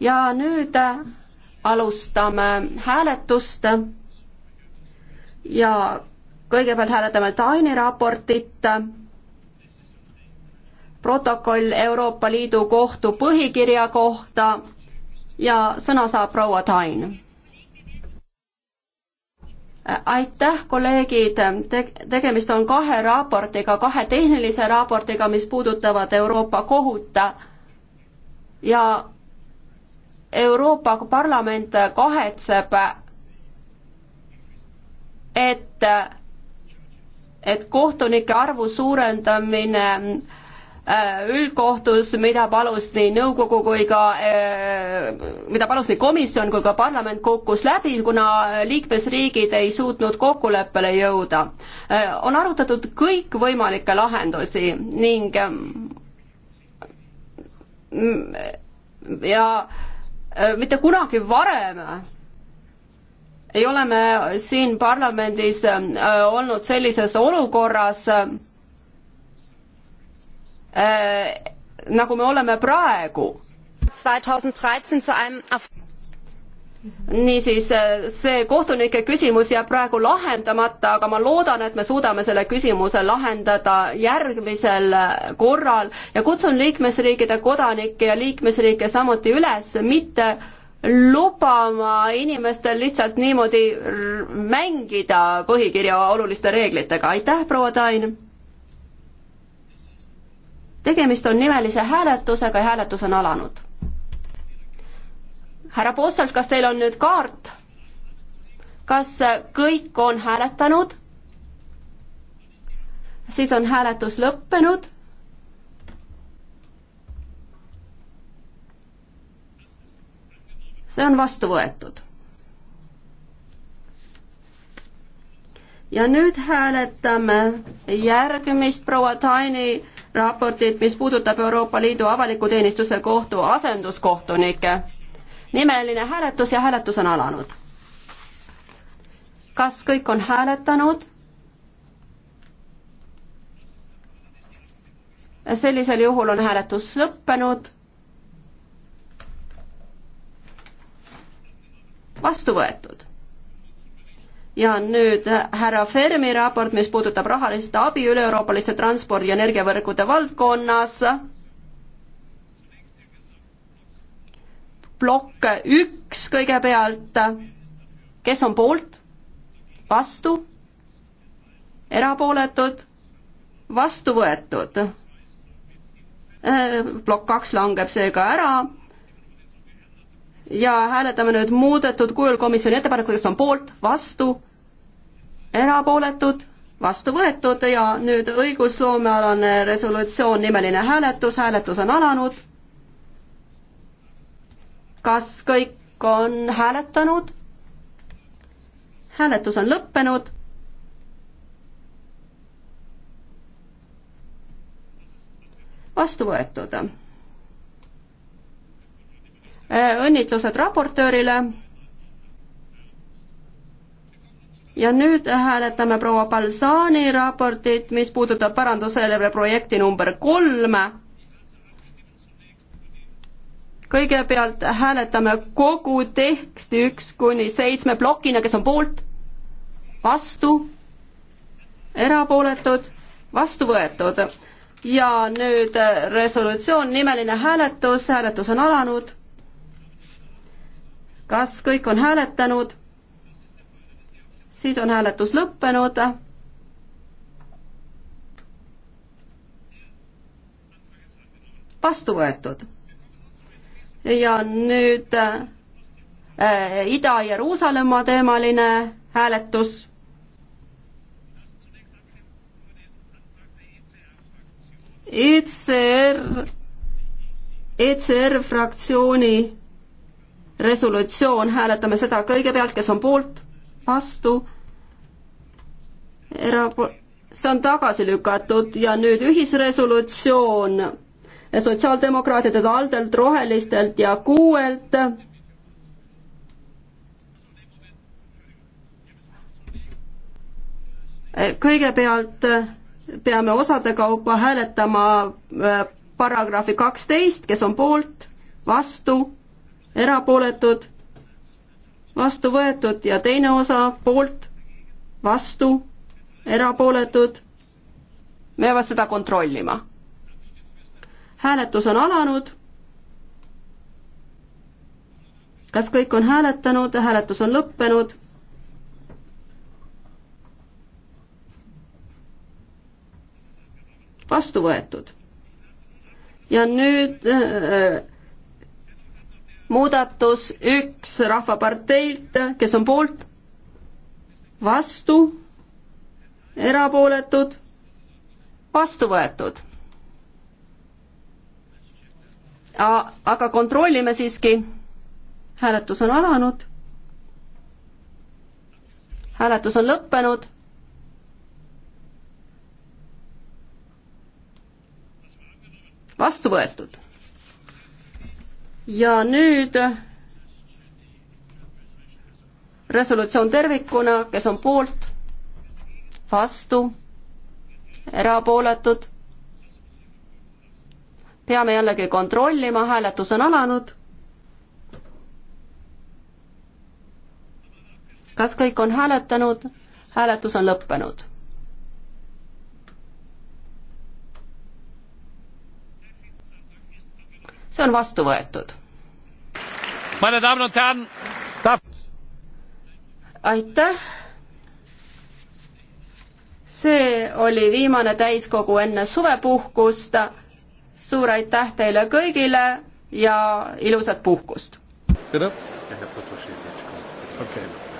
ja nüüd äh, alustame hääletust ja kõigepealt hääletame Taani raportit, protokoll Euroopa Liidu kohtu põhikirja kohta ja sõna saab proua Tain aitäh, kolleegid Te,, tegemist on kahe raportiga, kahe tehnilise raportiga, mis puudutavad Euroopa kohut ja Euroopa Parlament kahetseb, et, et kohtunike arvu suurendamine äh, Äh, üldkohtus, mida palus nii nõukogu kui ka, äh, mida palus nii komisjon kui ka parlament, kukkus läbi, kuna liikmesriigid ei suutnud kokkuleppele jõuda. Äh, on arutatud kõikvõimalikke lahendusi ning mm, ja mitte kunagi varem ei ole me siin parlamendis olnud sellises olukorras, Äh, nagu me oleme praegu. niisiis, äh, see kohtunike küsimus jääb praegu lahendamata, aga ma loodan, et me suudame selle küsimuse lahendada järgmisel korral ja kutsun liikmesriikide kodanikke ja liikmesriike samuti üles mitte lubama inimestel lihtsalt niimoodi mängida põhikirja oluliste reeglitega. aitäh, proua Tain! tegemist on nimelise hääletusega ja hääletus on alanud. härra Postelt, kas teil on nüüd kaart? kas kõik on hääletanud? siis on hääletus lõppenud. see on vastu võetud ja nüüd hääletame järgmist proua Taini raportit, mis puudutab Euroopa Liidu avaliku teenistuse kohtu asenduskohtunikke. nimeline hääletus ja hääletus on alanud. kas kõik on hääletanud? sellisel juhul on hääletus lõppenud. vastu võetud ja nüüd äh, härra Fermi raport, mis puudutab rahalist abi üle-euroopaliste transpordi- ja energiavõrgude valdkonnas. plokk üks kõigepealt, kes on poolt, vastu, erapooletud, vastu võetud. Äh, plokk kaks langeb seega ära ja hääletame nüüd muudetud kujul komisjoni ettepaneku, kes on poolt, vastu, erapooletud, vastu võetud ja nüüd õigusloomealane resolutsioon, nimeline hääletus, hääletus on alanud. kas kõik on hääletanud? hääletus on lõppenud. vastu võetud Äh, õnnitlused raportöörile. ja nüüd hääletame proua Balsani raportit, mis puudutab paranduseelarve projekti number kolm. kõigepealt hääletame kogu teksti üks kuni seitsme plokina, kes on poolt, vastu, erapooletud, vastu võetud ja nüüd äh, resolutsioon, nimeline hääletus, hääletus on alanud kas kõik on hääletanud? siis on hääletus lõppenud. vastu võetud. ja nüüd äh, Ida-Jeruusalemma teemaline hääletus. ECR, ECR fraktsiooni resolutsioon, hääletame seda kõigepealt, kes on poolt, vastu, erapo-, see on tagasi lükatud ja nüüd ühisresolutsioon sotsiaaldemokraatidelt, Aldelt, Rohelistelt ja Kuuelt. kõigepealt peame osade kaupa hääletama äh, paragrahvi kaksteist, kes on poolt, vastu erapooletud, vastu võetud ja teine osa poolt, vastu, erapooletud. me peame seda kontrollima. hääletus on alanud. kas kõik on hääletanud, hääletus on lõppenud vastu võetud. ja nüüd äh, muudatus üks Rahvaparteilt, kes on poolt, vastu, erapooletud, vastu võetud. aga kontrollime siiski. hääletus on alanud. hääletus on lõppenud. vastu võetud ja nüüd resolutsioon tervikuna, kes on poolt, vastu, erapooletud. peame jällegi kontrollima, hääletus on alanud. kas kõik on hääletanud? hääletus on lõppenud see on vastu võetud. aitäh. see oli viimane täiskogu enne suvepuhkust. suur aitäh teile kõigile ja ilusat puhkust. okei okay..